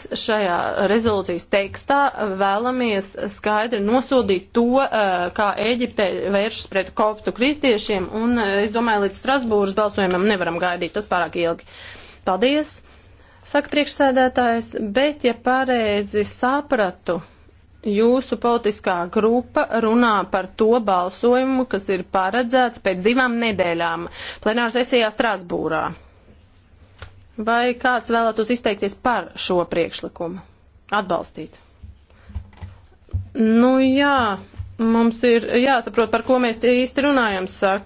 Mēs šajā rezolūcijas tekstā vēlamies skaidri nosodīt to, eh, kā Eģipte vēršas pret koptu kristiešiem, un eh, es domāju, līdz Strasbūras balsojumam nevaram gaidīt, tas pārāk ilgi. Paldies, saka priekšsēdētājs, bet ja pareizi sapratu, jūsu politiskā grupa runā par to balsojumu, kas ir paredzēts pēc divām nedēļām plenāra sesijā Strasbūrā. Vai kāds vēlētos izteikties par šo priekšlikumu? Atbalstīt. Nu jā, mums ir jāsaprot, par ko mēs īsti runājam, saka.